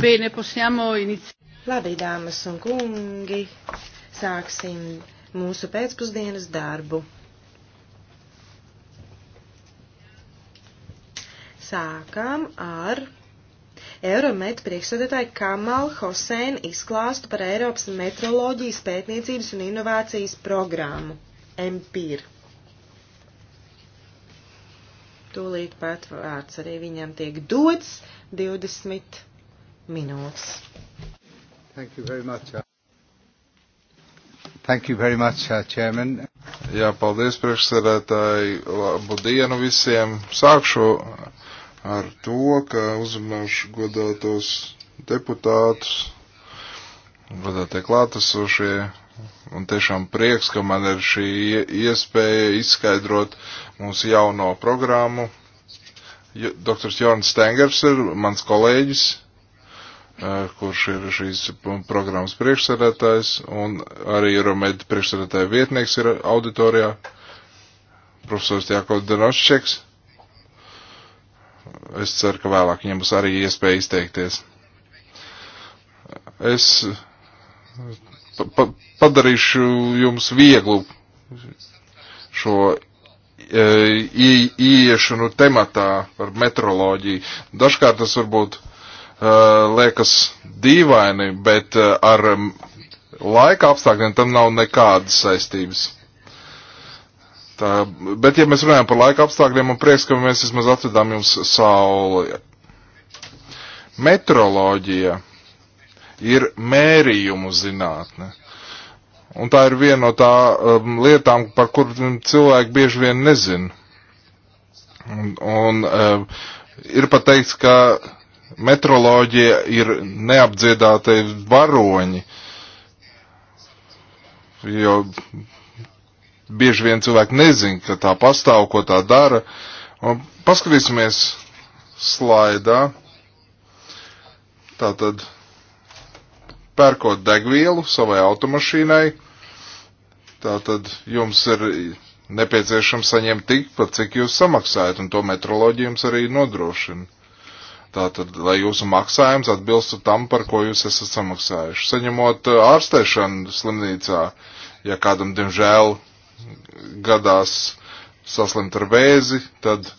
Bene, possiamo iniziare. Labi, dāmas un kungi, sāksim mūsu pēcpusdienas darbu. Sākam ar Euromet priekšsēdētāju Kamal Hosēnu izklāstu par Eiropas metroloģijas pētniecības un inovācijas programmu. MPIR. Tūlīt pat vārds arī viņam tiek dots 20 minūtes. Thank you very much. Uh, thank you very much, uh, Chairman. Jā, paldies priekšsēdētāji. Labu dienu visiem. Sākšu ar to, ka uzrunāšu godātos deputātus, godātie klātesošie Un tiešām prieks, ka man ir šī iespēja izskaidrot mūsu jauno programmu. Dr. Jorns Stengers ir mans kolēģis, kurš ir šīs programmas priekšsēdētājs, un arī Euromed priekšsēdētāja vietnieks ir auditorijā, profesors Jākovs Denošķeks. Es ceru, ka vēlāk viņam būs arī iespēja izteikties. Es pa, padarīšu jums vieglu šo ie, ieiešanu tematā par metroloģiju. Dažkārt tas varbūt uh, liekas dīvaini, bet uh, ar laika apstākļiem tam nav nekādas saistības. Tā, bet, ja mēs runājam par laika apstākļiem, man prieks, ka mēs vismaz atvedām jums sauli. Metroloģija ir mērījumu zinātne. Un tā ir viena no tā um, lietām, par kurām cilvēki bieži vien nezina. Un, un um, ir pat teikts, ka metroloģija ir neapdziedātie varoņi, jo bieži vien cilvēki nezina, ka tā pastāv, ko tā dara. Un paskatīsimies slaidā. Tātad pērkot degvielu savai automašīnai, tātad jums ir nepieciešams saņemt tikpat, cik jūs samaksājat, un to metroloģija jums arī nodrošina. Tātad, lai jūsu maksājums atbilstu tam, par ko jūs esat samaksājuši. Saņemot uh, ārstēšanu slimnīcā, ja kādam, diemžēl, gadās saslimt ar vēzi, tad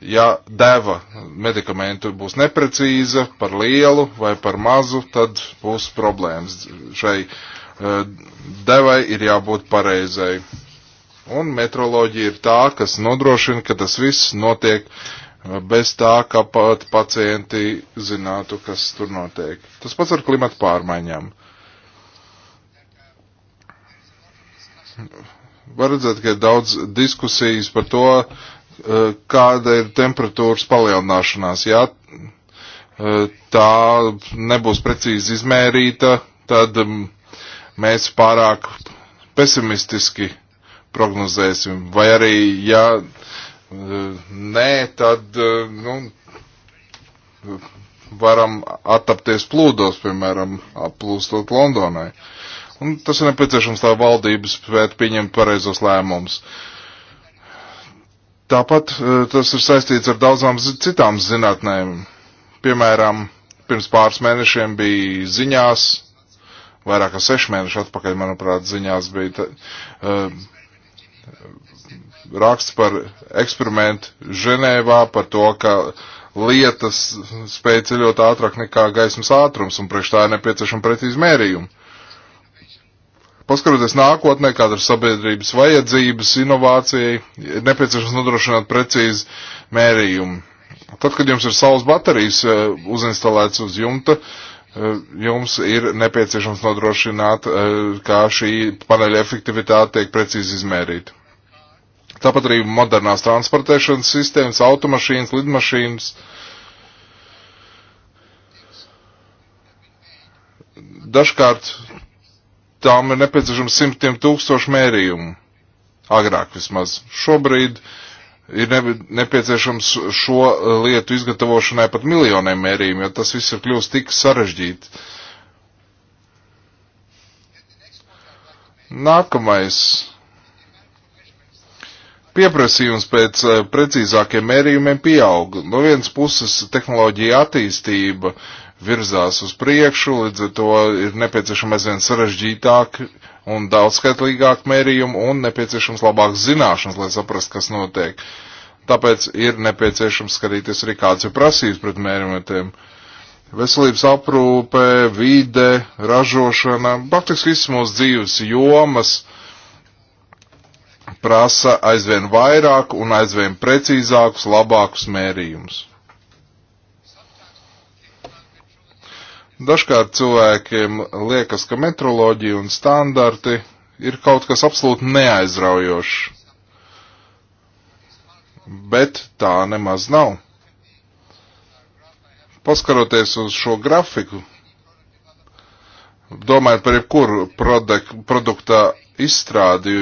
Ja deva medikamentu būs neprecīza, par lielu vai par mazu, tad būs problēmas. Šai e, devai ir jābūt pareizai. Un metroloģija ir tā, kas nodrošina, ka tas viss notiek e, bez tā, ka pat pacienti zinātu, kas tur notiek. Tas pats ar klimatu pārmaiņām. Var redzēt, ka ir daudz diskusijas par to, Eh, kāda ir temperatūras palielināšanās. Ja eh, tā nebūs precīzi izmērīta, tad mm, mēs pārāk pesimistiski prognozēsim. Vai arī, ja eh, nē, tad nu, varam attapties plūdos, piemēram, plūstot Londonai. Un tas ir nepieciešams, lai valdības spētu pieņemt pareizos lēmumus. Uh, Tāpat e, tas ir saistīts ar daudzām citām zinātnēm. Piemēram, pirms pāris mēnešiem bija ziņās, vairāk kā sešu mēnešu atpakaļ, manuprāt, ziņās bija tā, uh, e, raksts par eksperimentu Ženēvā, par to, ka lietas spēja ceļot ātrāk nekā gaismas ātrums, un priekš tā ir nepieciešama precīzi mērījumi. Paskatoties nākotnē, kāda ir sabiedrības vajadzības inovācijai, ir nepieciešams nodrošināt precīzi mērījumu. Tad, kad jums ir saules baterijas eh, uzinstalēts uz jumta, eh, jums ir nepieciešams nodrošināt, eh, kā šī paneļa efektivitāte tiek precīzi izmērīta. Tāpat arī modernās transportēšanas sistēmas, automašīnas, lidmašīnas. Dažkārt tām ir nepieciešams simtiem tūkstošu mērījumu. Agrāk vismaz. Šobrīd ir ne, nepieciešams šo lietu izgatavošanai pat miljoniem mērījumu, jo tas viss ir kļūst tik sarežģīti. Nākamais pieprasījums pēc eh, precīzākiem mērījumiem pieaug. No vienas puses tehnoloģija attīstība uh, virzās uz priekšu, līdz ar to ir nepieciešama aizvien sarežģītāk un daudzskaitlīgāk mērījumu un nepieciešams labāk zināšanas, lai saprastu, kas notiek. Tāpēc ir nepieciešams skatīties arī kāds ir prasības pret mērījumiem. Veselības aprūpe, vide, ražošana, praktiski visas mūsu dzīves jomas prasa aizvien vairāk un aizvien precīzākus, labākus mērījumus. Dažkārt cilvēkiem liekas, ka metroloģija un standarti ir kaut kas absolūti neaizraujošs. Bet tā nemaz nav. Paskaroties uz šo grafiku, domājot par jebkuru produkta izstrādi,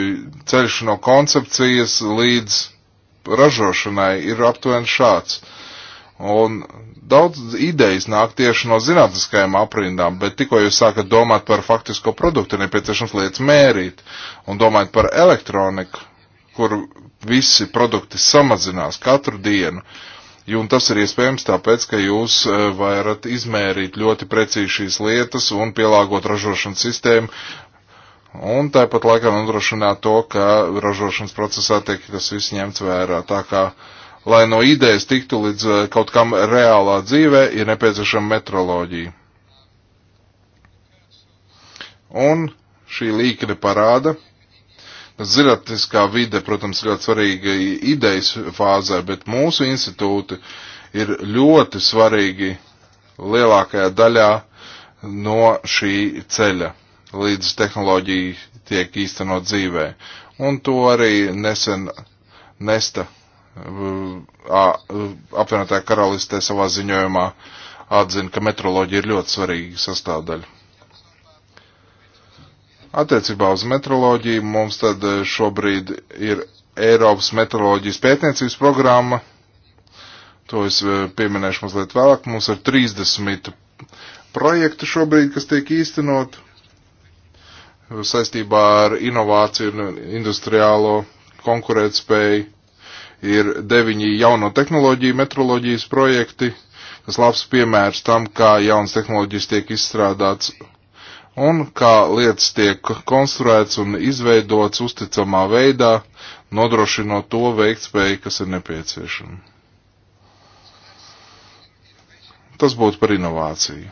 ceļš no koncepcijas līdz ražošanai ir aptuveni šāds. Uh, Un daudz idejas nāk tieši no zinātniskajām aprindām, bet tikko jūs sākat domāt par faktisko produktu, ir nepieciešams lietas mērīt un domāt par elektroniku, kur visi produkti samazinās katru dienu. Un tas ir iespējams tāpēc, ka jūs e, varat izmērīt ļoti precīzi šīs lietas un pielāgot ražošanas sistēmu. Un tāpat laikā nodrošināt to, ka ražošanas procesā tiek tas viss ņemts vērā. Tā kā uh, lai no idejas tiktu līdz eh, kaut kam reālā dzīvē, ir nepieciešama metroloģija. Un šī līkne parāda. Ziratiskā vide, protams, ļoti svarīga idejas fāzē, bet mūsu institūti ir ļoti svarīgi lielākajā daļā no šī ceļa, līdz tehnoloģija tiek īstenot dzīvē. Un to arī nesen Nesta apvienotā karalistē savā ziņojumā atzina, ka metroloģija ir ļoti svarīga sastāvdaļa. Attiecībā uz metroloģiju mums tad šobrīd ir Eiropas metroloģijas pētniecības programma. To es pieminēšu mazliet vēlāk. Mums ir 30 projektu šobrīd, kas tiek īstenot saistībā ar inovāciju un industriālo konkurētspēju ir deviņi jauno tehnoloģiju metroloģijas projekti, kas labs piemērs tam, kā jaunas tehnoloģijas tiek izstrādāts un kā lietas tiek konstruēts un izveidots uzticamā veidā, nodrošinot to veiktspēju, kas ir nepieciešama. Tas būtu par inovāciju.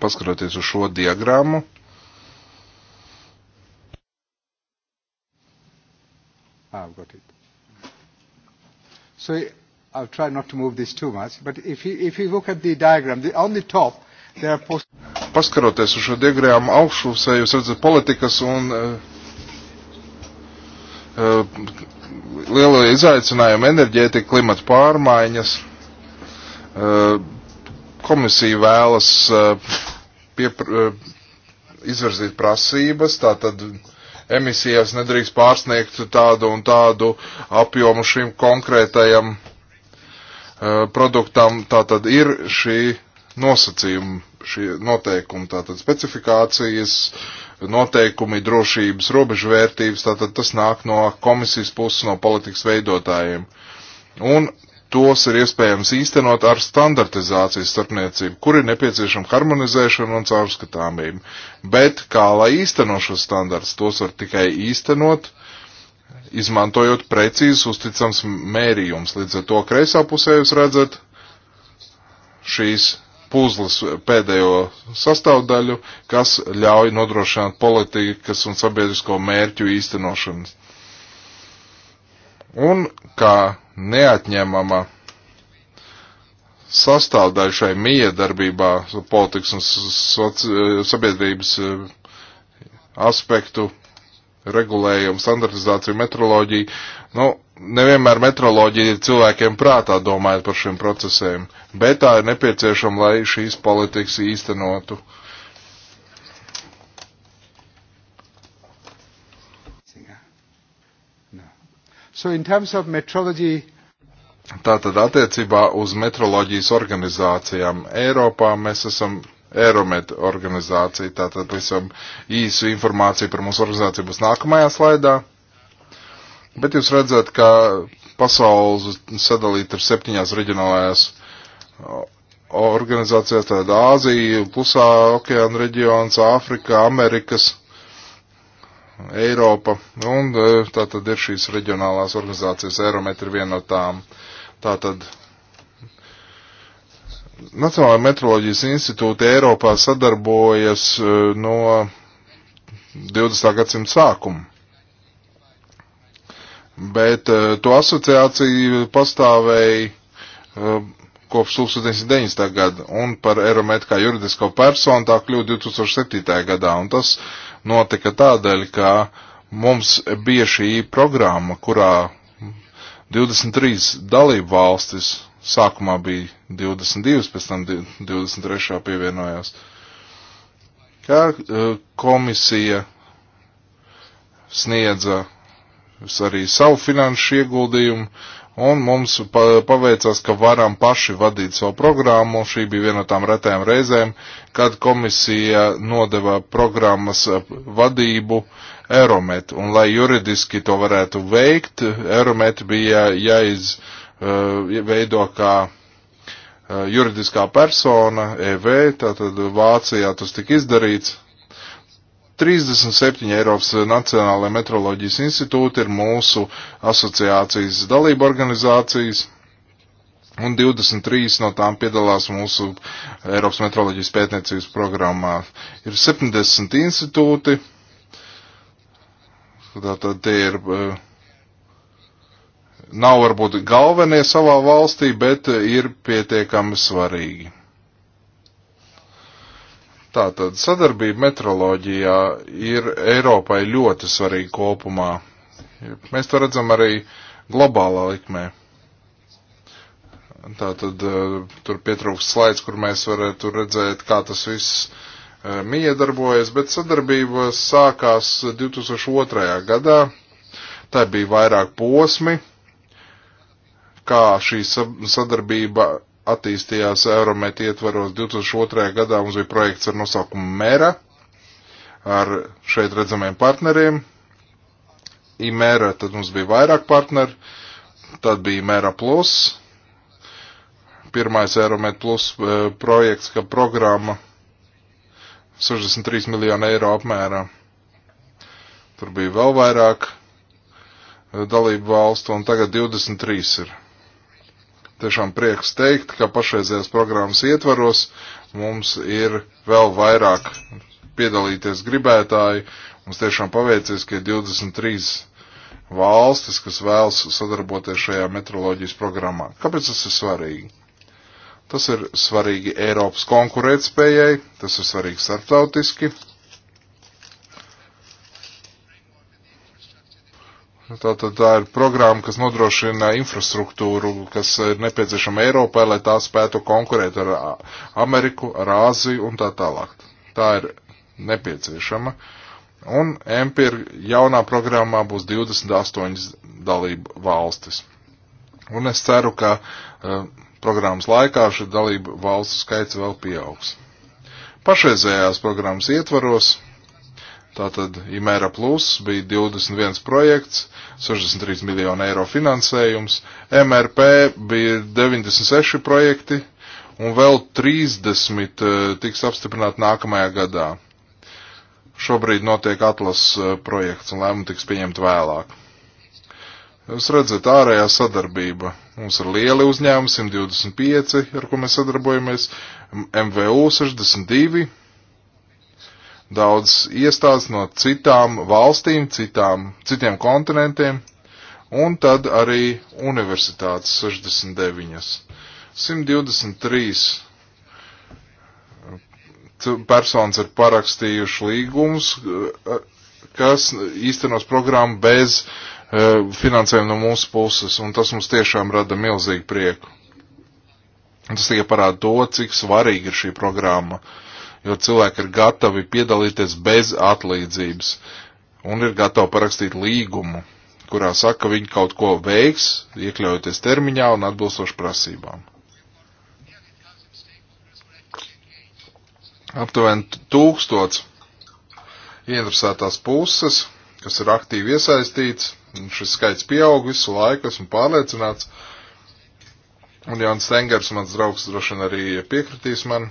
Paskatoties uz šo diagrammu, got it. So I'll try not to move this too much, but if you, if you look at the diagram, the, on the top, there are post... Paskaroties uz šo diagrammu augšpusē, jūs redzat politikas un uh, uh, lielo izaicinājumu enerģētika, klimata pārmaiņas. Uh, komisija vēlas uh, piepr, uh, izvirzīt prasības, tātad uh, emisijās nedrīkst pārsniegt tādu un tādu apjomu šim konkrētajam uh, produktam. Tātad ir šī nosacījuma, šie noteikumi, tātad specifikācijas, noteikumi, drošības, robežvērtības, tātad tas nāk no komisijas puses, no politikas veidotājiem. Un tos ir iespējams īstenot ar standartizācijas starpniecību, kur ir nepieciešama harmonizēšana un caurskatāmība. Bet kā lai īsteno šos standarts, tos var tikai īstenot, izmantojot precīzus uzticams mērījums. Līdz ar to kreisā pusē jūs redzat šīs puzles pēdējo sastāvdaļu, kas ļauj nodrošināt politikas un sabiedrisko mērķu īstenošanas. Un kā neatņemama sastāvdaļa šai miedarbībā politikas un soci, sabiedrības eh, aspektu regulējumu, standartizāciju, metroloģiju. Nu, nevienmēr metroloģija ir cilvēkiem prātā domājot par šiem procesiem, bet tā ir nepieciešama, lai šīs politikas īstenotu uh, So in terms of metrology, Tātad attiecībā uz metroloģijas organizācijām Eiropā mēs esam Eiromet organizācija, tātad visam īsu informāciju par mūsu organizāciju būs nākamajā slaidā. Bet jūs redzat, ka pasaules sadalīta ir septiņās reģionālajās organizācijās, tātad Āzija, Klusā okeāna reģions, Āfrika, Amerikas Eiropa, un e, tā tad ir šīs reģionālās organizācijas Eirometra viena no tām. Tā tad Nacionālajā metroloģijas institūta Eiropā sadarbojas e, no 20. gadsimta sākuma. Bet e, to asociāciju pastāvēja kopš 1990. gada, un par Eirometu kā juridisko personu tā kļūda 2007. gadā, un tas notika tādēļ, ka mums bija šī programma, kurā 23 dalību valstis, sākumā bija 22, pēc tam 23. pievienojās, kā e, komisija sniedza arī savu finanšu ieguldījumu, Un mums paveicās, ka varam paši vadīt savu programmu. Šī bija viena no tām retajām reizēm, kad komisija nodeva programmas vadību Euromet. Un, lai juridiski to varētu veikt, Euromet bija jāizveido eh, uh, kā uh, juridiskā persona, EV, tātad Vācijā tas tika izdarīts. 37 Eiropas Nacionālajie metroloģijas institūti ir mūsu asociācijas dalība organizācijas, un 23 no tām piedalās mūsu Eiropas metroloģijas pētniecības programmā. Ir 70 institūti, tātad tie ir. Eh, nav varbūt galvenie savā valstī, bet ir pietiekami svarīgi. Tātad sadarbība metroloģijā ir Eiropai ļoti svarīga kopumā. Mēs to redzam arī globālā likmē. Tātad eh, tur pietrūkst slaids, kur mēs varētu redzēt, kā tas viss eh, miedarbojas, bet sadarbība sākās 2002. gadā. Tā bija vairāk posmi, kā šī sadarbība attīstījās Euromet ietvaros 2002. gadā mums bija projekts ar nosaukumu Mēra ar šeit redzamiem partneriem. Imēra, tad mums bija vairāk partneri, tad bija Imēra Plus, pirmais Euromet Plus eh, projekts, ka programma 63 miljonu eiro apmērā. Tur bija vēl vairāk eh, dalību valstu, un tagad 23 ir tiešām prieks teikt, ka pašreizējās programmas ietvaros mums ir vēl vairāk piedalīties gribētāji. Mums tiešām paveicies, ka ir 23 valstis, kas vēlas sadarboties šajā metroloģijas programmā. Kāpēc tas ir svarīgi? Tas ir svarīgi Eiropas konkurētspējai, tas ir svarīgi starptautiski, Tātad tā ir programma, kas nodrošina infrastruktūru, kas ir nepieciešama Eiropai, lai tā spētu konkurēt ar Ameriku, ar Āziju un tā tālāk. Tā ir nepieciešama. Un MPR jaunā programmā būs 28 dalību valstis. Un es ceru, ka uh, programmas laikā šī dalību valstu skaits vēl pieaugs. Pašreizējās programmas ietvaros, tātad Imēra Plus bija 21 projekts, 63 miljonu eiro finansējums, MRP bija 96 projekti un vēl 30 eh, tiks apstiprināti nākamajā gadā. Šobrīd notiek atlases eh, projekts un lēmumi tiks pieņemti vēlāk. Jūs redzat, ārējā sadarbība. Mums ir lieli uzņēmumi, 125, ar ko mēs sadarbojamies, MVU 62, daudz iestādes no citām valstīm, citām, citiem kontinentiem, un tad arī universitātes 69. 123 personas ir parakstījuši līgumus, eh, kas īstenos programmu bez uh, finansējuma no mūsu puses, un tas mums tiešām rada milzīgu prieku. Un tas tikai parāda to, cik svarīga ir šī programma. Uh, jo cilvēki ir gatavi piedalīties bez atlīdzības un ir gatavi parakstīt līgumu, kurā saka, ka viņi kaut ko veiks, iekļaujoties termiņā un atbilstoši prasībām. Aptuveni tūkstots ieinteresētās puses, kas ir aktīvi iesaistīts, un šis skaits pieaug visu laiku, esmu pārliecināts. Un Jānis Stengers, mans draugs, droši vien arī piekritīs man.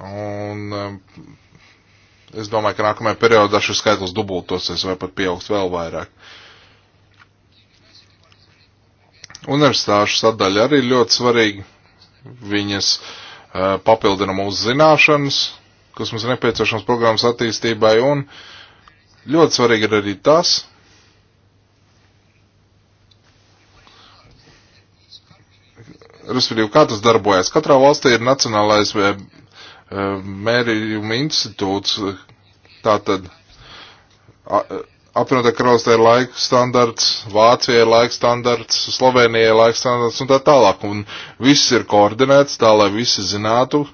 Un eh, es domāju, ka nākamajā periodā šis skaitlis dubultosies vai pat pieaugs vēl vairāk. Universitāšu sadaļa arī ļoti svarīga. Viņas uh, papildina mūsu zināšanas, kas mums ir nepieciešams programmas attīstībai, un ļoti svarīgi ir arī tas, respektīvi, kā tas darbojas. Katrā valstī ir nacionālais eh, mērījuma institūts. Tātad apvienotā karalistē ir laika standarts, Vācijai ir laika standarts, Slovenijai ir laika standarts un tā tālāk. Un viss ir koordinēts tā, lai visi zinātu,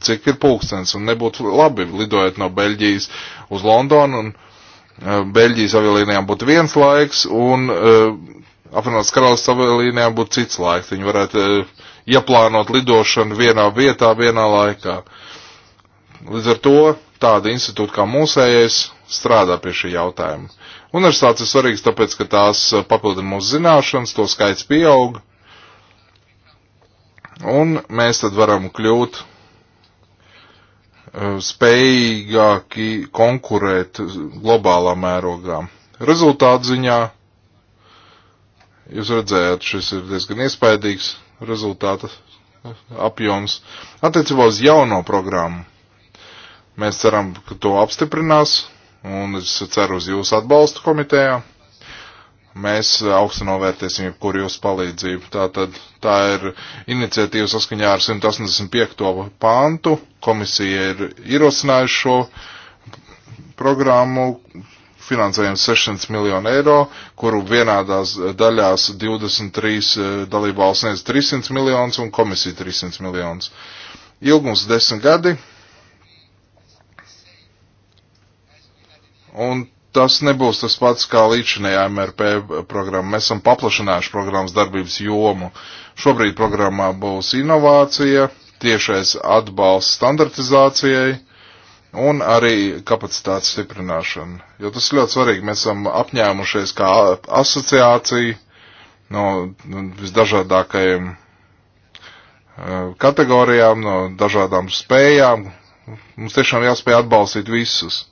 cik ir pulkstens. Un nebūtu labi lidojot no Beļģijas uz Londonu un uh, Beļģijas avialīnijām būtu viens laiks un uh, apvienotās karalistas avialīnijām būtu cits laiks. Viņi varētu uh, ieplānot lidošanu vienā vietā, vienā laikā. Uh, Līdz ar to tāda institūta kā mūsējais strādā pie šī jautājuma. Universitātes ir svarīgas tāpēc, ka tās papildina mūsu zināšanas, to skaits pieaug, un mēs tad varam kļūt eh, spējīgāki konkurēt globālā mērogā. Rezultātu ziņā, jūs redzējāt, šis ir diezgan iespaidīgs rezultāta eh, apjoms attiecībā uz jauno programmu. Mēs ceram, ka to apstiprinās, un es ceru uz jūsu atbalstu komitejā. Mēs augstu novērtēsim jebkuru jūsu palīdzību. Tātad tā ir iniciatīva saskaņā ar 185. pāntu. Komisija ir ierosinājusi šo programmu, finansējums 600 miljonu eiro, kuru vienādās daļās 23 eh, dalībvalsts sniedz 300 miljonus un komisija 300 miljonus. Ilgums 10 gadi, Un tas nebūs tas pats kā līdzinējā MRP programma. Mēs esam paplašinājuši programmas darbības jomu. Šobrīd programmā būs inovācija, tiešais atbalsts standartizācijai un arī kapacitātes stiprināšana. Jo tas ir ļoti svarīgi. Mēs esam apņēmušies kā asociācija no visdažādākajiem eh, kategorijām, no dažādām spējām. Mums tiešām jāspēj atbalstīt visus.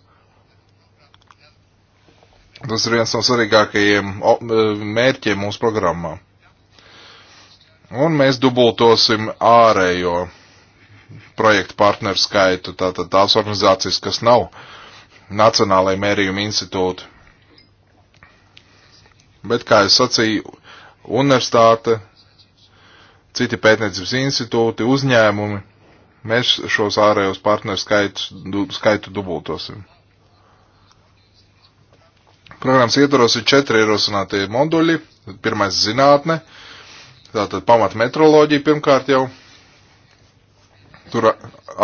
Tas ir viens no svarīgākajiem e, mērķiem mūsu programmā. Un mēs dubultosim ārējo projektu partneru skaitu, tātad tās organizācijas, kas nav Nacionālajai mērījuma institūti. Bet, kā es sacīju, universitāte, citi pētniecības institūti, uzņēmumi, mēs šos ārējos partneru skaitu, skaitu dubultosim. Programmas ietvaros ir četri ierosinātie moduļi. Pirmais - zinātne, tātad pamat metroloģija pirmkārt jau. Tur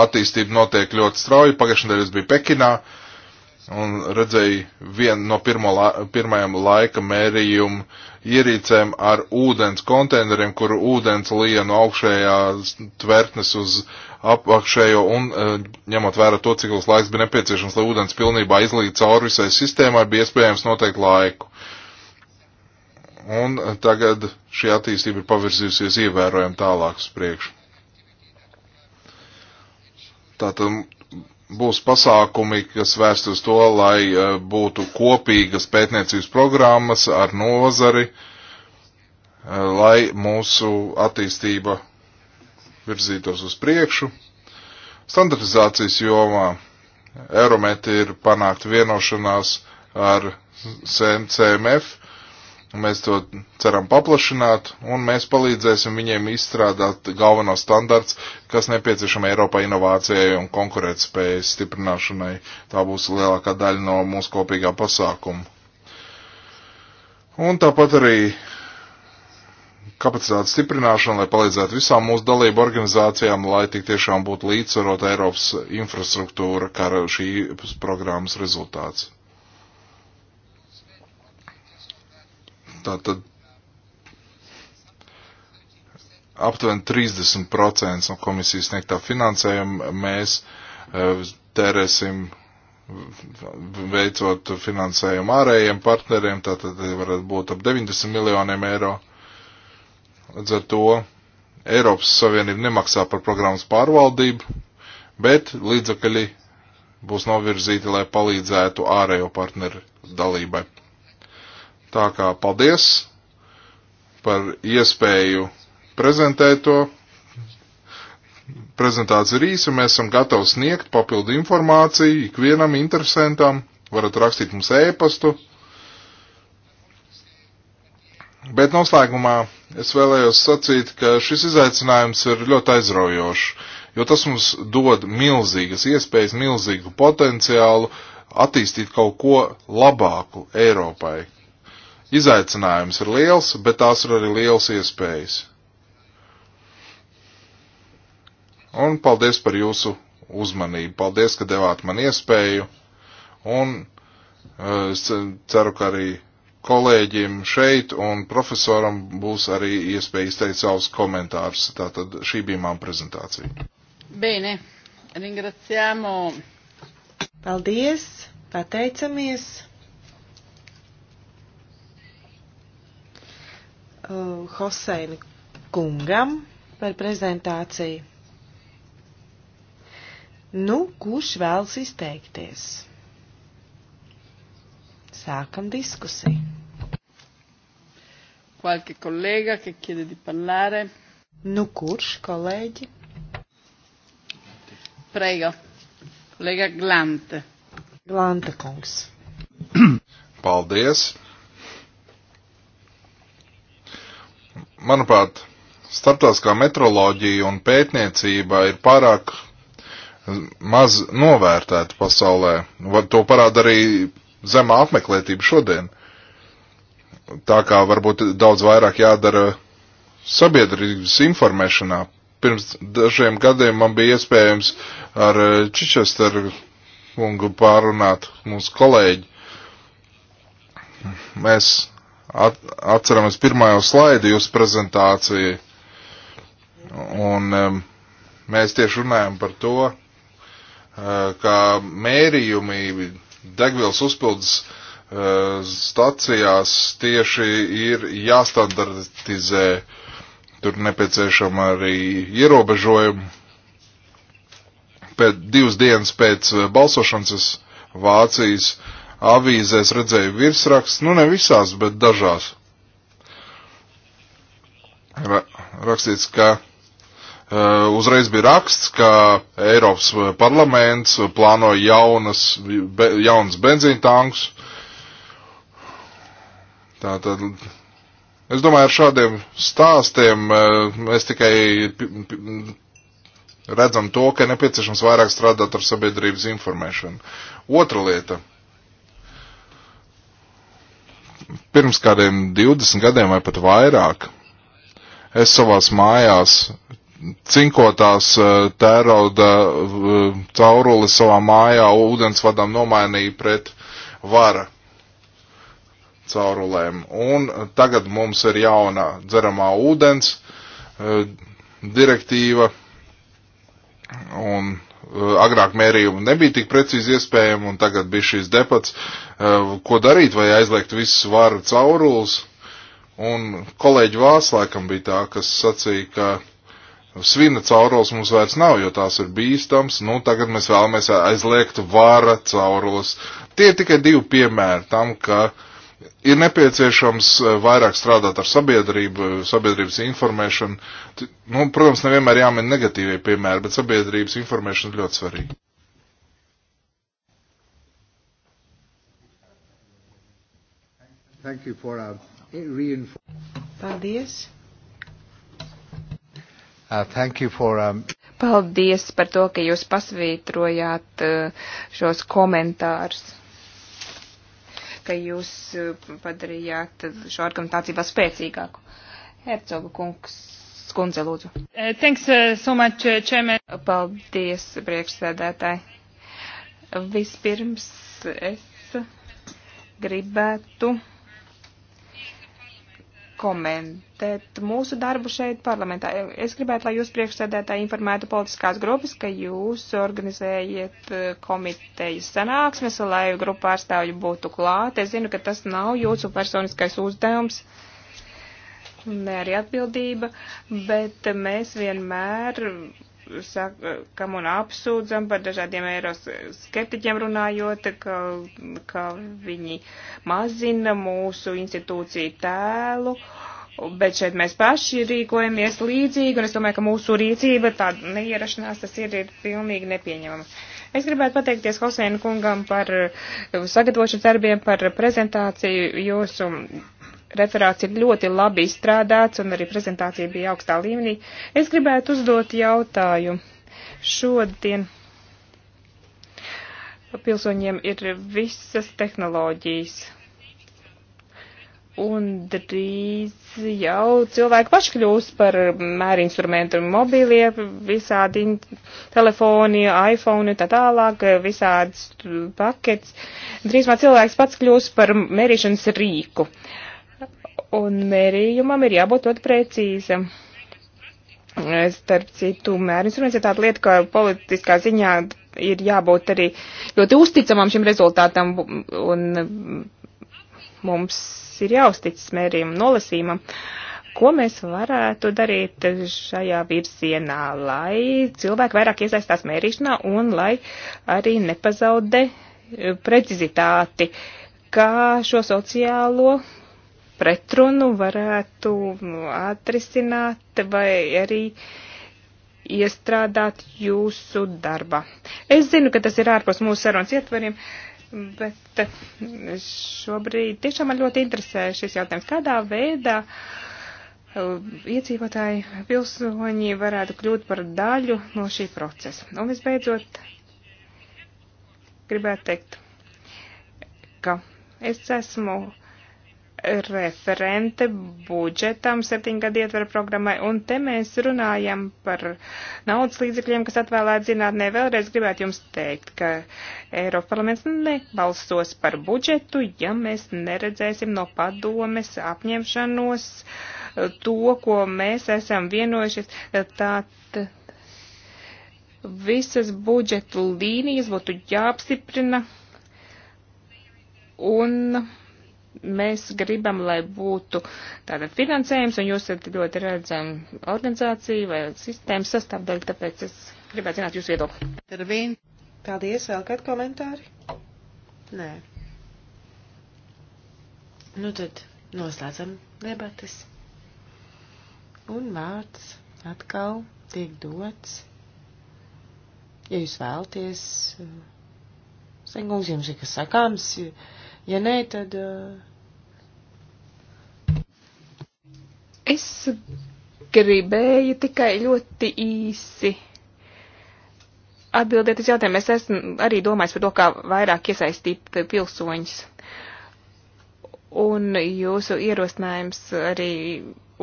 attīstība notiek ļoti strauji. Pagājušajā nedēļā es biju Pekinā. Uh, un redzēju vienu no pirmo la pirmajām laika mērījumu ierīcēm ar ūdens konteineriem, kur ūdens lija no augšējā tvertnes uz apakšējo un eh, ņemot vērā to, cik ilgs laiks bija nepieciešams, lai ūdens pilnībā izlīd cauri visai sistēmai, bija iespējams noteikt laiku. Un eh, tagad šī attīstība ir pavirzījusies ievērojami tālāk uz priekšu. Tātad būs pasākumi, kas vērst uz to, lai eh, būtu kopīgas pētniecības programmas ar nozari, eh, lai mūsu attīstība virzītos uz priekšu. Standartizācijas jomā Eurometi ir panākt vienošanās ar CMF Mēs to ceram paplašināt, un mēs palīdzēsim viņiem izstrādāt galveno standarts, kas nepieciešama Eiropā inovācijai un konkurētspējas stiprināšanai. Tā būs lielākā daļa no mūsu kopīgā pasākuma. Un tāpat arī kapacitātes stiprināšana, lai palīdzētu visām mūsu dalību organizācijām, lai tik tiešām būtu līdzsvarota Eiropas infrastruktūra, kā šī programmas rezultāts. Tātad aptuveni 30% no komisijas sniegtā finansējuma mēs e, tērēsim veicot finansējumu ārējiem partneriem, tātad varētu būt ap 90 miljoniem eiro. Līdz ar to Eiropas Savienība nemaksā par programmas pārvaldību, bet līdzakļi būs novirzīti, lai palīdzētu ārējo partneru dalībai. Tā kā paldies par iespēju prezentēt to. Prezentācija ir īsa, mēs esam gatavi sniegt papildu informāciju ikvienam interesantam. Varat rakstīt mums ēpastu. Bet noslēgumā es vēlējos sacīt, ka šis izaicinājums ir ļoti aizraujošs, jo tas mums dod milzīgas iespējas, milzīgu potenciālu attīstīt kaut ko labāku Eiropai, Izaicinājums ir liels, bet tās ir arī liels iespējas. Un paldies par jūsu uzmanību. Paldies, ka devāt man iespēju. Un eh, es ceru, ka arī kolēģiem šeit un profesoram būs arī iespēja izteikt savus komentārus. Tātad šī bija man prezentācija. Bene, ringraciamo. Paldies, pateicamies. uh, Hoseini kungam par prezentāciju. Nu, kurš vēlas izteikties? Sākam diskusiju. Qualche collega che chiede di parlare. Nu, kurš, kolēģi? Prego. Kolēģa Glante. Glante kungs. Paldies. Manuprāt, starptautiskā metroloģija un pētniecība ir pārāk maz novērtēta pasaulē. To parāda arī zemā apmeklētība šodien. Tā kā varbūt daudz vairāk jādara sabiedrības informēšanā. Pirms dažiem gadiem man bija iespējams ar Čičesteru eh, kungu pārunāt mūsu kolēģi. Mēs at, atceramies pirmā jau slaidu jūsu prezentāciju, un um, mēs tieši runājam par to, uh, ka mērījumi degvielas uzpildes uh, stacijās tieši ir jāstandartizē, tur nepieciešama arī ierobežojumi. Pēc divas dienas pēc balsošanas Vācijas uh, avīzēs redzēju virsrakstus, nu ne visās, bet dažās. Ra rakstīts, ka uh, uzreiz bija raksts, ka Eiropas eh, parlaments plāno jaunas, be, jaunas benzīntankus. Tātad Es domāju, ar šādiem stāstiem eh, mēs tikai redzam to, ka nepieciešams vairāk strādāt ar sabiedrības informēšanu. Otra lieta pirms kādiem 20 gadiem vai pat vairāk es savās mājās cinkotās eh, tērauda eh, cauruli savā mājā ūdens vadām nomainīju pret vara caurulēm. Un tagad mums ir jauna dzeramā ūdens eh, direktīva un Eh, agrāk mērījumi nebija tik precīzi iespējami, un tagad bija šīs debats, eh, ko darīt, vai aizliegt visus varu caurules. Un kolēģi Vās laikam bija tā, kas sacīja, ka svina caurules mums vairs nav, jo tās ir bīstams, nu tagad mēs vēlamies aizliegt vara caurules. Tie ir tikai divi piemēri tam, ka uh, Ir nepieciešams eh, vairāk strādāt ar sabiedrību, sabiedrības informēšanu. Nu, protams, nevienmēr jāmin negatīvie piemēri, bet sabiedrības informēšana ir ļoti svarīga. Thank you for uh, our Paldies. Uh, thank you for, um... Paldies par to, ka jūs pasvītrojāt uh, šos komentārus ka jūs eh, padarījāt šo argumentāciju vēl spēcīgāku. Hercoga kungs, skundze lūdzu. Eh, thanks eh, so much, Chairman. Paldies, priekšsēdētāji. Vispirms es gribētu komentēt mūsu darbu šeit parlamentā. Es gribētu, lai jūs priekšsēdētāji informētu politiskās grupas, ka jūs organizējat eh, komitejas sanāksmes, lai grupu pārstāvju būtu klāt. Es zinu, ka tas nav jūsu personiskais uzdevums. Ne arī atbildība, bet mēs vienmēr sakam un apsūdzam par dažādiem eiroskeptiķiem runājot, ka, ka viņi mazina mūsu institūciju tēlu. Bet šeit mēs paši rīkojamies līdzīgi, un es domāju, ka mūsu rīcība tāda neierašanās tas ir, ir pilnīgi nepieņemama. Es gribētu pateikties Hosēna kungam par sagatavošanas darbiem, par prezentāciju jūsu referāts ir ļoti labi izstrādāts un arī prezentācija bija augstā līmenī. Es gribētu uzdot jautājumu. Šodien pilsoņiem ir visas tehnoloģijas. Un drīz jau cilvēki paši kļūs par mērinstrumentu mobīlie, visādi telefoni, iPhone un tā tālāk, visādas paketes. Drīzumā cilvēks pats kļūs par mērīšanas rīku. Uh, un mērījumam ir jābūt ļoti precīzam. Starp citu, mērinstruments ir tāda lieta, ka politiskā ziņā ir jābūt arī ļoti uzticamam šim rezultātam, un mums ir jāuzticas mērījumam, nolasījumam. Ko mēs varētu darīt šajā virzienā, lai cilvēki vairāk iesaistās mērīšanā un lai arī nepazaude precizitāti, kā šo sociālo pretrunu varētu atrisināt vai arī iestrādāt jūsu darbā. Es zinu, ka tas ir ārpus mūsu sarunas ietvariem, bet šobrīd tiešām man ļoti interesē šis jautājums, kādā veidā eh, iedzīvotāji pilsoņi varētu kļūt par daļu no šī procesa. Un visbeidzot, gribētu teikt, ka es esmu referente budžetam septiņgadu ietveru programmai, un te mēs runājam par naudas līdzekļiem, kas atvēlēt zinātnē. Vēlreiz gribētu jums teikt, ka Eiropa parlaments nebalsos par budžetu, ja mēs neredzēsim no padomes apņemšanos eh, to, ko mēs esam vienojušies. Tāt, visas budžeta līnijas būtu jāapstiprina un mēs gribam, lai būtu tāda finansējums, un jūs esat ļoti redzama organizācija vai sistēmas sastāvdaļa, tāpēc es gribētu zināt jūsu viedokli. Tervīn, paldies, vēl kādi komentāri? Nē. Nu tad noslēdzam debatas. Un vārds atkal tiek dots. Ja jūs vēlties, eh, Sengungs, jums ir kas sakāms, jūs Ja nē, tad. Eh, es gribēju tikai ļoti īsi atbildēt uz jautājumu. Es esmu arī domājis par to, kā vairāk iesaistīt pilsoņus. Un jūsu ierosinājums arī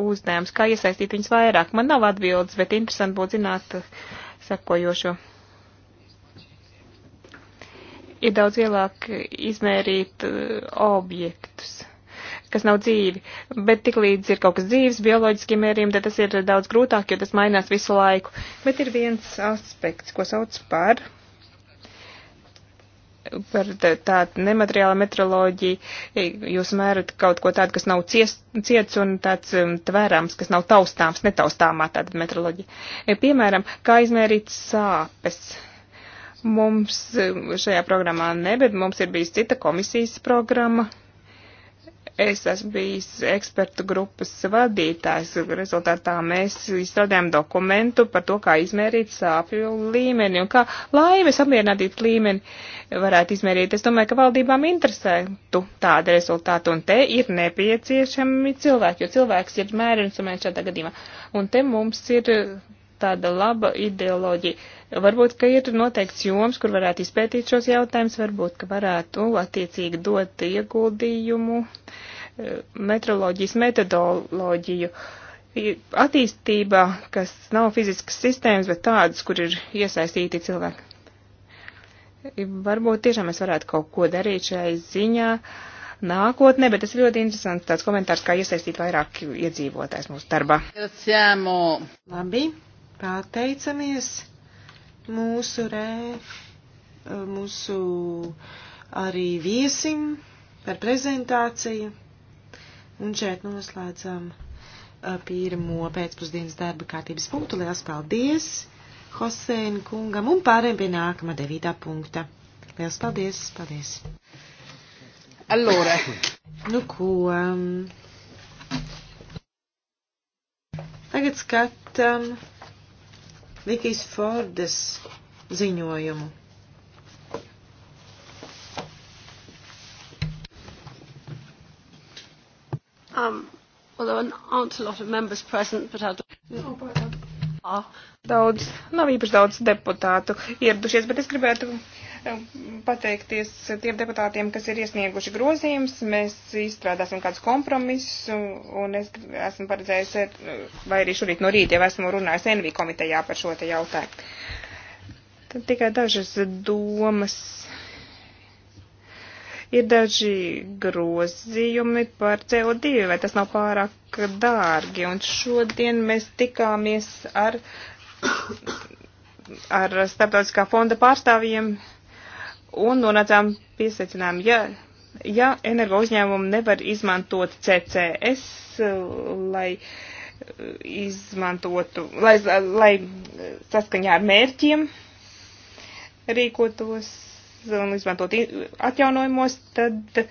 uzdevums, kā iesaistīt viņus vairāk. Man nav atbildes, bet interesanti būtu zināt sekojošo. Uh, ir daudz vieglāk izmērīt uh, objektus kas nav dzīvi, bet tik līdz ir kaut kas dzīves bioloģiskiem mērījumiem, tad tas ir daudz grūtāk, jo tas mainās visu laiku. Bet ir viens aspekts, ko sauc par par tādu nemateriālu metroloģiju, jūs mērat kaut ko tādu, kas nav ciest, ciets un tāds um, tvērams, kas nav taustāms, netaustāmā tāda metroloģija. Piemēram, kā izmērīt sāpes mums e, šajā programmā ne, bet mums ir bijis cita komisijas programma. Es esmu bijis ekspertu grupas vadītājs. Rezultātā mēs izstrādājām dokumentu par to, kā izmērīt sāpju līmeni un kā laimes apmierinātības līmeni varētu izmērīt. Es domāju, ka valdībām interesētu tāda rezultāta un te ir nepieciešami cilvēki, jo cilvēks ir mēri un sumēni šādā gadījumā. Un te mums ir tāda laba ideoloģija. Varbūt, ka ir noteikts joms, kur varētu izpētīt šos jautājumus, varbūt, ka varētu attiecīgi dot ieguldījumu eh, metroloģijas metodoloģiju attīstībā, kas nav fiziskas sistēmas, bet tādas, kur ir iesaistīti cilvēki. Varbūt tiešām mēs varētu kaut ko darīt šai ziņā nākotnē, bet tas ir ļoti interesants tāds komentārs, kā iesaistīt vairāk iedzīvotājs mūsu darbā. Labi, pateicamies mūsu rē, mūsu arī viesim par prezentāciju. Un šeit noslēdzam pirmo pēcpusdienas darba kārtības punktu. Lielas paldies Hosēna kungam un pārējiem pie nākamā devītā punkta. Lielas paldies! Paldies! Allora. Nu, ko. Um, tagad skatām. Um, Vikijas Fordas ziņojumu. Um, although an aren't a lot of members present, but I don't... Daudz, nav īpaši daudz deputātu ieradušies, bet es gribētu pateikties tiem deputātiem, kas ir iesnieguši grozījumus. Mēs izstrādāsim kādus kompromisus, un es esmu paredzējis, vai arī šorīt no rīta jau esmu runājis NV komitejā par šo te jautājumu. Tad tikai dažas domas. Ir daži grozījumi par CO2, vai tas nav pārāk dārgi, un šodien mēs tikāmies ar ar starptautiskā fonda pārstāvjiem un nonācām pie secinājuma, ja, ja energo uzņēmumi nevar izmantot CCS, lai izmantotu, lai, lai saskaņā ar mērķiem rīkotos un izmantot atjaunojumos, tad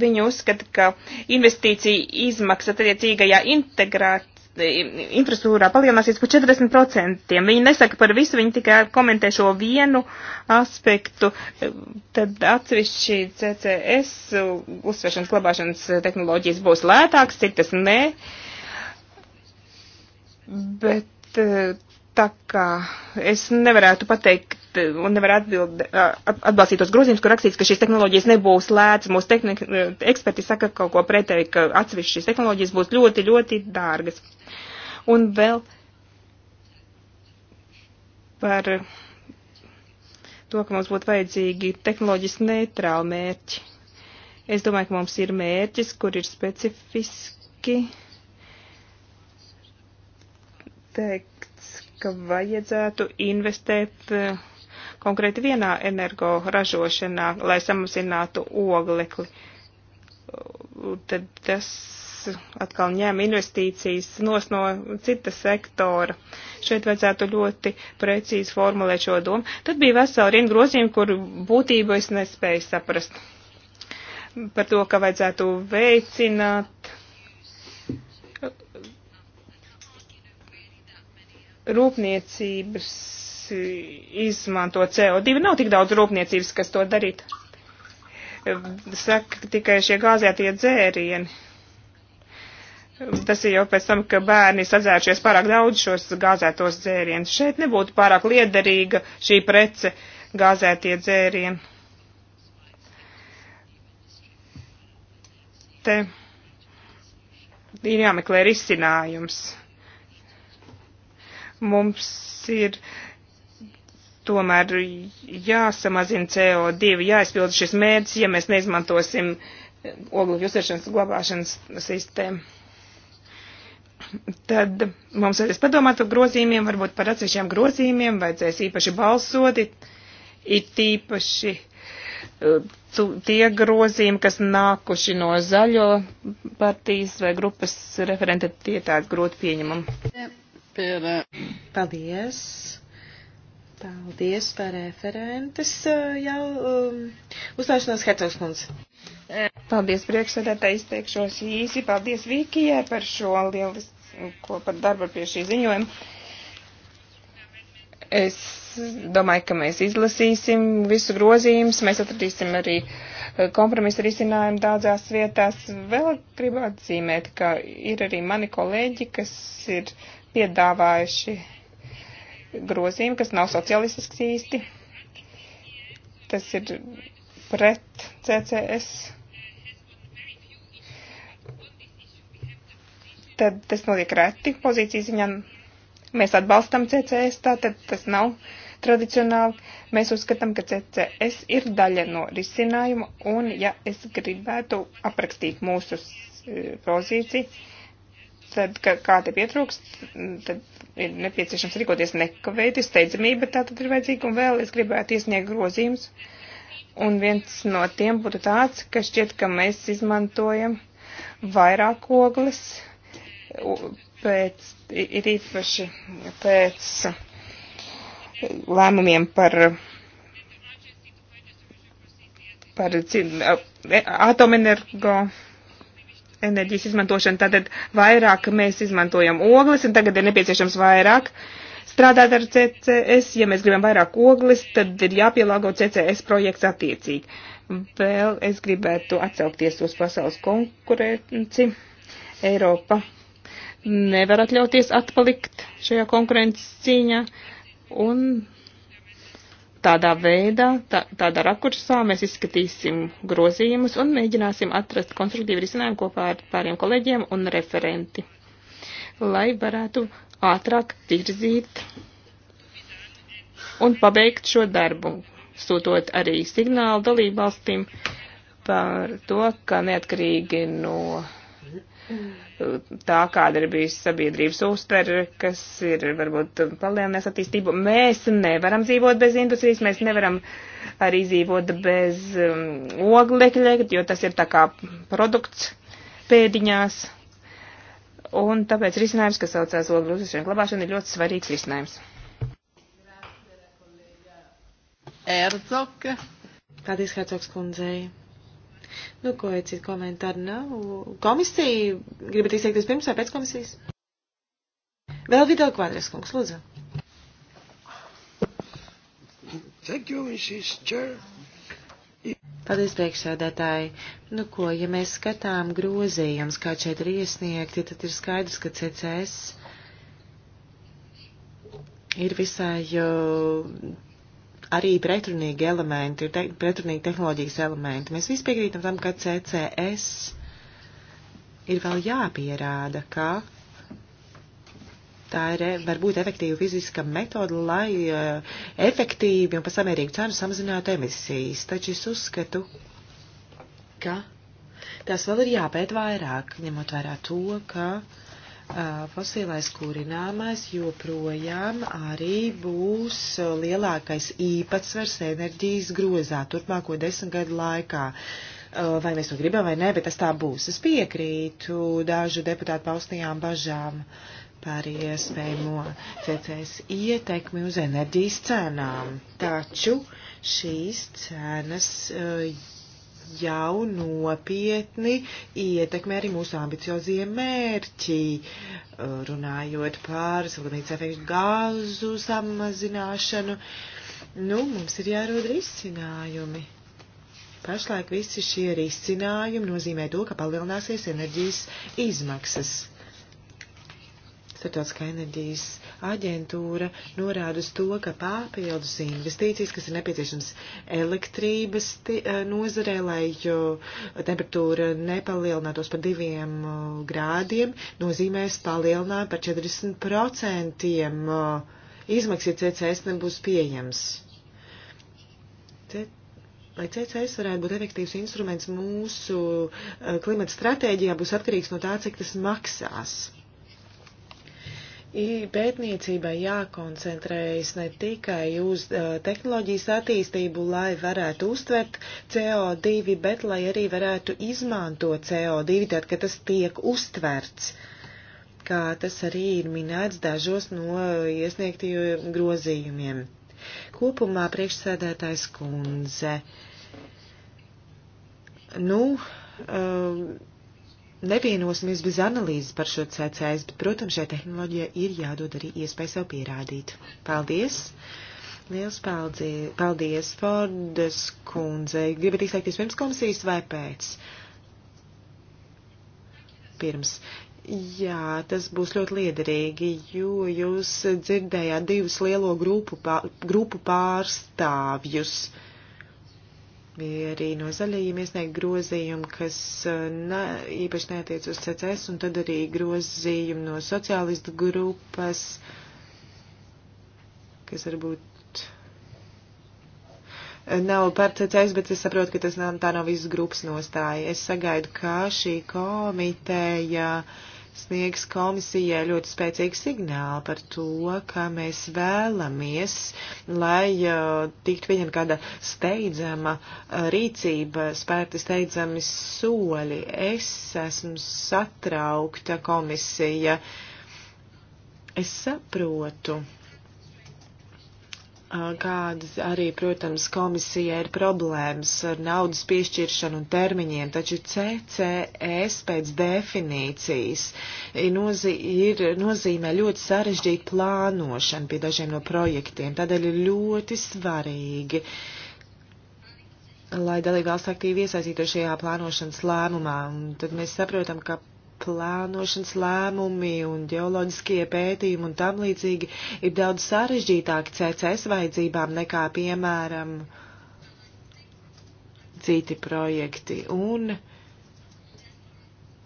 viņi uzskata, ka investīcija izmaksas attiecīgajā integrā, infrastruktūrā palielināsies par 40%. Viņi nesaka par visu, viņi tikai komentē šo vienu aspektu. Tad atsevišķi CCS uzsvešanas glabāšanas tehnoloģijas būs lētāks, citas nē. Bet eh, tā kā es nevarētu pateikt un nevar atbild, atbalstīt tos grozījumus, kur rakstīts, ka šīs tehnoloģijas nebūs lētas. Mūsu tehni, e, eksperti saka kaut ko pretēji, ka atsevišķi šīs tehnoloģijas būs ļoti, ļoti dārgas. Un vēl par to, ka mums būtu vajadzīgi tehnoloģiski neitrāli mērķi. Es domāju, ka mums ir mērķis, kur ir specifiski teikts, ka vajadzētu investēt uh, konkrēti vienā energoražošanā, lai samazinātu oglekli. Tad tas atkal ņem investīcijas nos no cita sektora. Šeit vajadzētu ļoti precīzi formulēt šo domu. Tad bija vesela rinda grozījumi, kur būtību es nespēju saprast. Par to, ka vajadzētu veicināt rūpniecības izmanto CO2. Nav tik daudz rūpniecības, kas to darītu. Saka tikai šie gāzētie dzērieni. Tas ir jau pēc tam, ka bērni sadzēršies pārāk daudz šos gāzētos dzērienus. Šeit nebūtu pārāk liederīga šī prece gāzētie dzērieni. Te ir jāmeklē risinājums. Mums ir tomēr jāsamazina CO2, jāizpilda šis mērķis, ja mēs neizmantosim oglekļu uzsveršanas glabāšanas sistēmu. Tad mums vajadzēs padomāt par grozījumiem, varbūt par atsevišķiem grozījumiem, vajadzēs īpaši balsot, it, it īpaši eh, tie grozījumi, kas nākuši no zaļo partijas vai grupas referenta, tie tādi grūti pieņemami. Paldies! Paldies par referentes eh, jau um, uzstāšanos Hercegskundze. Paldies priekšsēdētāji, izteikšos īsi. Paldies Vīkijai par šo lielisko par darbu pie šī ziņojuma. Es domāju, ka mēs izlasīsim visu grozījumus, mēs atradīsim arī eh, kompromisu risinājumu daudzās vietās. Vēl gribu atzīmēt, ka ir arī mani kolēģi, kas ir piedāvājuši grozījumi, kas nav socialistisks īsti. Tas ir pret CCS. Tad tas notiek reti pozīcijas ziņā. Mēs atbalstam CCS, tātad tas nav tradicionāli. Mēs uzskatām, ka CCS ir daļa no risinājuma, un ja es gribētu aprakstīt mūsu e, pozīciju, tad, ka kāda pietrūkst, tad ir nepieciešams rīkoties nekavēti, steidzamība tā tad ir vajadzīga, un vēl es gribētu iesniegt grozījums, un viens no tiem būtu tāds, ka šķiet, ka mēs izmantojam vairāk ogles, pēc, ir īpaši pēc lēmumiem par par e, atomenergo enerģijas izmantošanu. Tātad vairāk mēs izmantojam ogles, un tagad ir nepieciešams vairāk strādāt ar CCS. Ja mēs gribam vairāk ogles, tad ir jāpielāgo CCS projekts attiecīgi. Vēl es gribētu atsaukties uz pasaules konkurenci. Eiropa nevar atļauties atpalikt šajā konkurences cīņā. Un Tādā veidā, tā, tādā rakursā mēs izskatīsim grozījumus un mēģināsim atrast konstruktīvu risinājumu kopā ar pāriem kolēģiem un referenti, lai varētu ātrāk virzīt un pabeigt šo darbu, sūtot arī signālu dalībvalstīm par to, ka neatkarīgi no tā, kāda ir bijusi sabiedrības uztvere, kas ir varbūt palielinās attīstību. Mēs nevaram dzīvot bez industrijas, mēs nevaram arī dzīvot bez um, oglekļa, jo tas ir tā kā produkts pēdiņās. Un tāpēc risinājums, kas saucās ogļu uzvešana glabāšana, ir ļoti svarīgs risinājums. Erzoka. Paldies, Hercogs kundzei. Nu, ko iecīt komentāru nav? Komisija, gribat izteikties pirms vai pēc komisijas? Vēl video kvadrēs, kungs, lūdzu. Thank you, Mrs. Chair. Paldies, priekšsēdētāji. Nu ko, ja mēs skatām grozījums, kā šeit ir iesniegti, tad ir skaidrs, ka CCS ir visai arī pretrunīgi elementi, ir te, pretrunīgi tehnoloģijas elementi. Mēs visi piekrītam tam, ka CCS ir vēl jāpierāda, ka tā ir, var būt efektīva fiziska metoda, lai uh, efektīvi un pa samērīgu cenu samazinātu emisijas. Taču es uzskatu, ka tas vēl ir jāpēt vairāk, ņemot vērā to, ka uh, fosilais kurināmais joprojām arī būs lielākais īpatsvars enerģijas grozā turpmāko desmit gadu laikā. Vai mēs to gribam vai nē, bet tas tā būs. Es piekrītu dažu deputātu paustajām bažām par iespējamo CCS ietekmi uz enerģijas cenām. Taču šīs cenas jau nopietni ietekmē arī mūsu ambiciozie mērķi, uh, runājot par siltumnīca efektu gāzu samazināšanu. Nu, mums ir jārod risinājumi. Pašlaik visi šie risinājumi nozīmē to, ka palielināsies enerģijas izmaksas. Startautiskā enerģijas aģentūra norāda uz to, ka papildus investīcijas, kas ir nepieciešams elektrības eh, nozarē, lai temperatūra nepalielinātos par diviem eh, grādiem, nozīmēs palielinājumu par 40% eh, izmaksas, ja CCS nebūs pieejams. Cet lai CCS varētu būt efektīvs instruments mūsu klimata stratēģijā, būs atkarīgs no tā, cik tas maksās. Pētniecībai jākoncentrējas ne tikai uz uh, tehnoloģijas attīstību, lai varētu uztvert CO2, bet lai arī varētu izmantot CO2, tad, kad tas tiek uztverts, kā tas arī ir minēts dažos no iesniegtajiem grozījumiem. Kopumā priekšsēdētājs kundze. Nu, uh, nevienosimies bez analīzes par šo CCS, bet, protams, šai tehnoloģijai ir jādod arī iespēja sev pierādīt. Paldies! Liels paldies, paldies Fordas kundzei. Gribat izteikties pirms komisijas vai pēc? Pirms. Jā, tas būs ļoti liederīgi, jo jūs dzirdējāt divus lielo grupu, pār, grupu pārstāvjus. Uh, Bija arī no zaļajiem iesniegt grozījumi, kas ne, īpaši neatiec uz CCS, un tad arī grozījumi no sociālistu grupas, kas varbūt nav par CCS, bet es saprotu, ka tas nav, tā nav visas grupas nostāja. Es sagaidu, ka šī komiteja. Uh, sniegs komisijai ļoti spēcīgu signālu par to, ka mēs vēlamies, lai uh, tiktu pieņemta kāda steidzama uh, rīcība, spērti steidzami soļi. Es esmu satraukta komisija. Es saprotu kādas arī, protams, komisija ir problēmas ar naudas piešķiršanu un termiņiem, taču CCS e pēc definīcijas ir, nozī, ir nozīmē ļoti sarežģītu plānošanu pie dažiem no projektiem, tādēļ ir ļoti svarīgi lai dalībvalsts aktīvi iesaistītu šajā plānošanas lēmumā. Un tad mēs saprotam, ka plānošanas lēmumi un ģeoloģiskie pētījumi un tam līdzīgi ir daudz sarežģītāki CCS vajadzībām nekā, piemēram, citi projekti. Un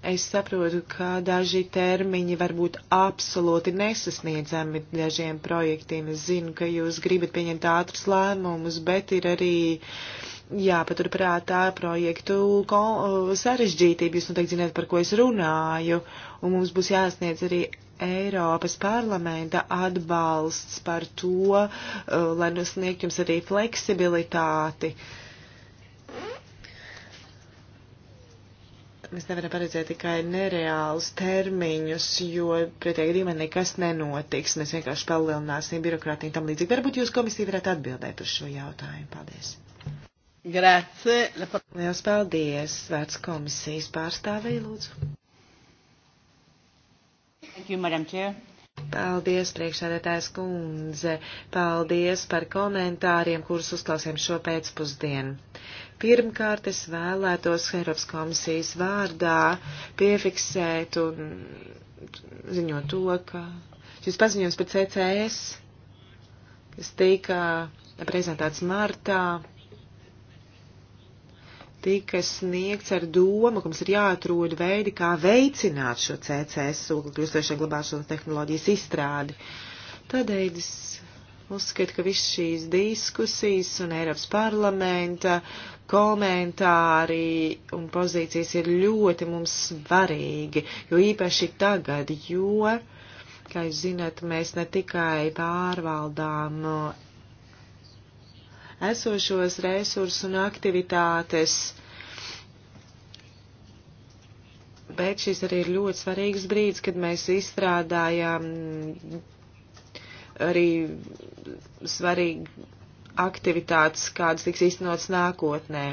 es saprotu, ka daži termiņi var būt absolūti nesasniedzami dažiem projektiem. Es zinu, ka jūs gribat pieņemt ātrus lēmumus, bet ir arī. Uh, jāpaturprātā projektu uh, sarežģītība. Jūs noteikti zināt, par ko es runāju, un mums būs jāsniedz arī Eiropas parlamenta atbalsts par to, uh, lai sniegt jums arī fleksibilitāti. Mēs nevaram paredzēt tikai nereālus termiņus, jo pretējā gadījumā nekas nenotiks. Mēs vienkārši palielināsim birokrātiju tam līdzīgi. Varbūt jūs komisija varētu atbildēt uz šo jautājumu. Paldies! Grāce. Lielas paldies. Svēts komisijas pārstāvēja, lūdzu. Thank you, Madam Chair. Paldies, priekšsēdētājs kundze. Paldies par komentāriem, kurus uzklausījām šo pēcpusdienu. Pirmkārt, es vēlētos Eiropas komisijas vārdā piefiksēt un ziņot to, ka šis paziņojums par CCS, kas tika prezentēts martā, tika sniegts ar domu, ka mums ir jāatrod veidi, kā veicināt šo CCS oglekļu uztvēršanu glabāšanas tehnoloģijas izstrādi. Tādēļ es uzskatu, ka viss šīs diskusijas un Eiropas parlamenta komentāri un pozīcijas ir ļoti mums svarīgi, jo īpaši tagad, jo, kā jūs zināt, mēs ne tikai pārvaldām esošos resursus un aktivitātes. Bet šis arī ir ļoti svarīgs brīdis, kad mēs izstrādājām arī svarīgi aktivitātes, kādas tiks īstenotas nākotnē.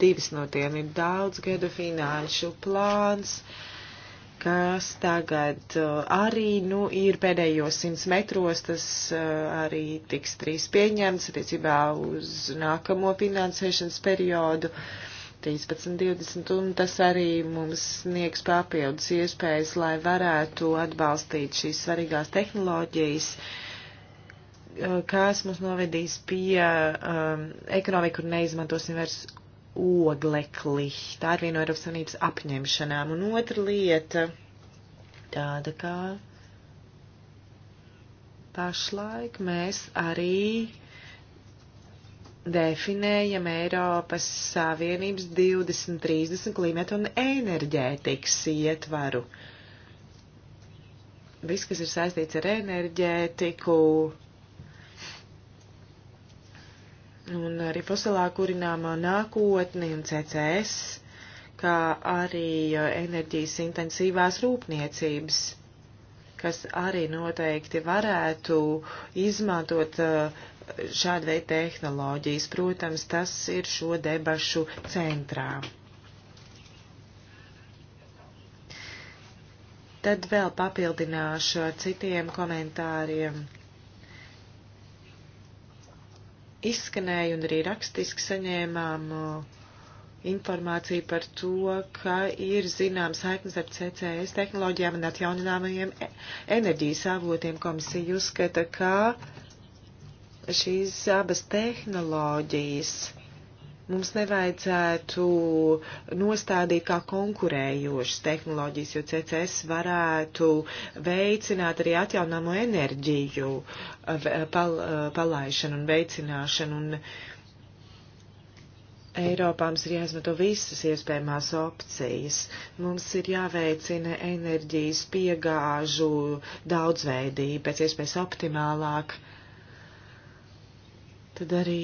Divas no tiem ir daudz gadu finanšu plāns. Uh, kas tagad uh, arī nu, ir pēdējos simts metros, tas uh, arī tiks trīs pieņemts attiecībā uz nākamo finansēšanas periodu. 13, 20, un tas arī mums sniegs papildus iespējas, lai varētu atbalstīt šīs svarīgās tehnoloģijas, uh, kas mums novedīs pie um, ekonomiku, kur neizmantosim vairs oglekli. Tā ir viena no Eiropas Savienības apņemšanām. Un otra lieta tāda kā pašlaik mēs arī definējam Eiropas Savienības 2030 klimata un enerģētikas ietvaru. Viss, kas ir saistīts ar enerģētiku, un arī fosilā kurināmā nākotni un CCS, kā arī uh, enerģijas intensīvās rūpniecības, kas arī noteikti varētu izmantot uh, šādu veidu tehnoloģijas. Protams, tas ir šo debašu centrā. Tad vēl papildināšu ar citiem komentāriem izskanēja un arī rakstiski saņēmām uh, informāciju par to, ka ir zināms saiknes ar CCS tehnoloģijām un atjaunināmajiem e- enerģijas avotiem. Komisija uzskata, ka šīs abas tehnoloģijas mums nevajadzētu nostādīt kā konkurējošas tehnoloģijas, jo CCS varētu veicināt arī atjaunamo enerģiju eh, pal eh, palaišanu un veicināšanu. Un Eiropā mums ir jāizmanto visas iespējamās opcijas. Mums ir jāveicina enerģijas piegāžu daudzveidība pēc iespējas optimālāk. Tad arī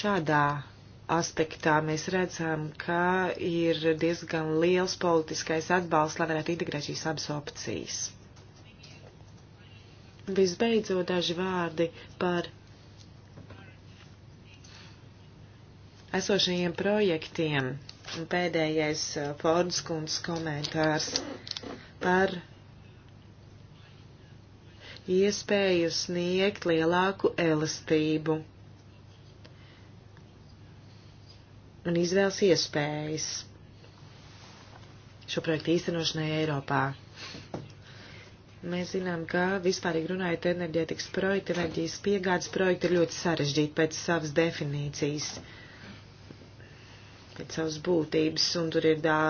šādā aspektā mēs redzam, ka ir diezgan liels politiskais atbalsts, lai varētu integrēt šīs abas opcijas. Visbeidzot, daži vārdi par esošajiem projektiem. Pēdējais eh, Fordas kundzes komentārs par iespēju sniegt lielāku elastību un izvēles iespējas šo projektu īstenošanai Eiropā. Mēs zinām, ka vispārīgi runājot enerģētikas projekti, enerģijas piegādes projekti ir ļoti sarežģīti pēc savas definīcijas, pēc savas būtības, un tur ir dā,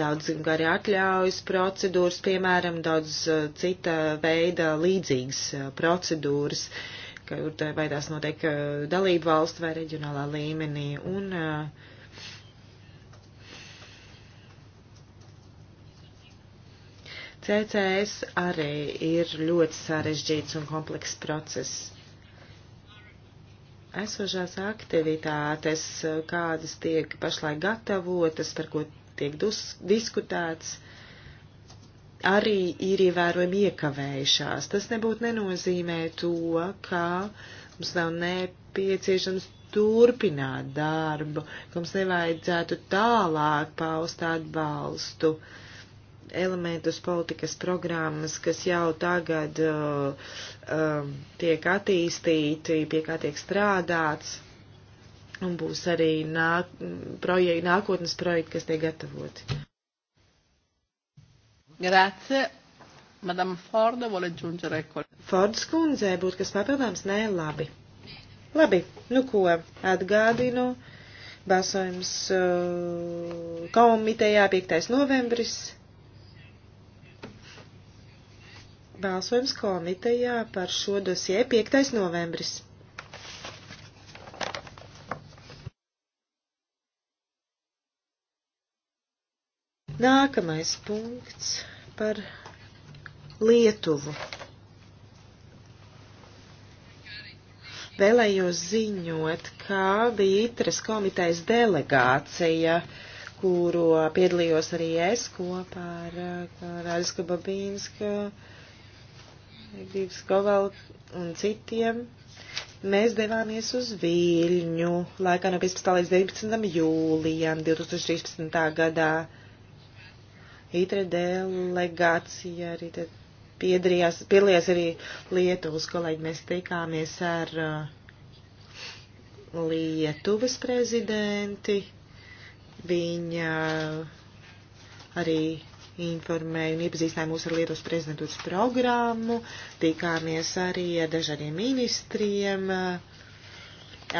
daudz gari atļaujas procedūras, piemēram, daudz uh, cita veida līdzīgas uh, procedūras. Uh, ka vai tās notiek dalību valstu vai reģionālā līmenī. Un, CCS arī ir ļoti sarežģīts un komplekss process. Esošās aktivitātes, kādas tiek pašlaik gatavotas, par ko tiek dus, diskutēts, uh, arī ir ievērojami iekavējušās. Tas nebūtu nenozīmē to, ka mums nav nepieciešams turpināt darbu, ka mums nevajadzētu tālāk paust atbalstu elementus politikas programmas, kas jau tagad uh, uh, tiek attīstīti, pie kā tiek strādāts, un būs arī nāk, projek, nākotnes projekti, kas tiek gatavoti. Grazie. Madam Forda vuole aggiungere Fordas kundzē būtu kas papildāms? Nē, labi. Labi, nu ko, atgādinu. Balsojums uh, komitejā 5. novembris. Balsojums komitejā par šo dosie 5. novembris. Nākamais punkts par Lietuvu. Vēlējos ziņot, kā bija ITRES komitejas delegācija, kuru piedalījos arī es kopā ar Raļsku Babīnsku, Grības Govalu un citiem. Mēs devāmies uz Viļņu laikā no 15. līdz 19. jūlijam 2013. gadā Itre delegācija arī tad piedalījās, piedalījās arī Lietuvas kolēģi. Mēs tikāmies ar uh, Lietuvas prezidenti. Viņa uh, arī informēja un iepazīstināja mūs ar Lietuvas prezidentūras programmu. Tikāmies arī ar dažādiem ministriem. Uh,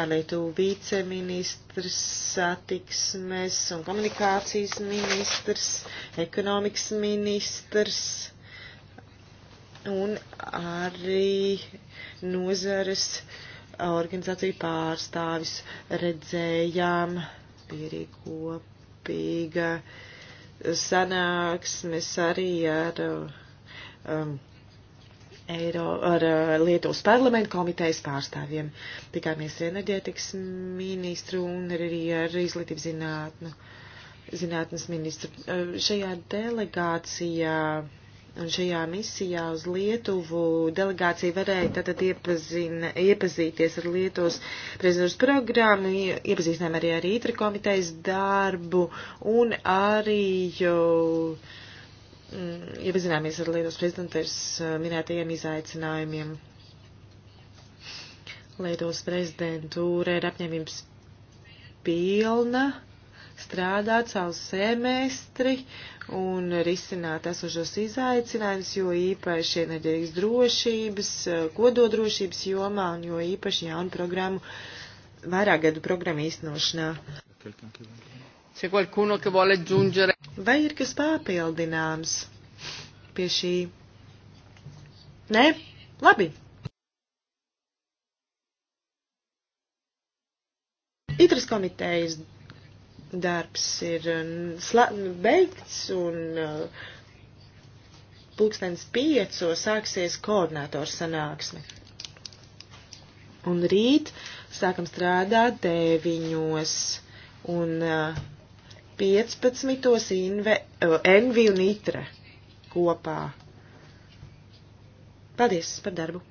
Lietu viceministrs, satiksmes un komunikācijas ministrs, ekonomikas ministrs un arī nozares organizāciju pārstāvis redzējām, bija arī kopīga sanāksmes arī ar um, Eiro, ar eh, Lietuvas parlamentu komitejas pārstāvjiem. Tikāmies enerģētikas ministru un arī ar izglītības zinātnu, zinātnes ministru. Eh, šajā delegācijā un šajā misijā uz Lietuvu delegācija varēja tātad iepazina, iepazīties ar Lietuvas prezidentūras programmu, iepazīstinājām arī ar ITRA komitejas darbu un arī jau Mm, iepazināmies ar Lietuvas prezidentūras eh, minētajiem izaicinājumiem. Lietuvas prezidentūra ir apņēmības pilna strādāt savu semestri un risināt esošos izaicinājumus, jo īpaši enerģijas drošības, eh, kododrošības jomā un jo īpaši jaunu programmu, vairāk gadu programmu īstenošanā. Se qualcuno che vuole aggiungere Vai ir kas papildināms pie šī? Nē, labi. Itras komitejas darbs ir um, beigts un uh, pulkstens pieco sāksies koordinātoru sanāksme. Un rīt sākam strādāt deviņos un uh, 15. Inve, uh, eh, Envi un Itre kopā. Paldies par darbu!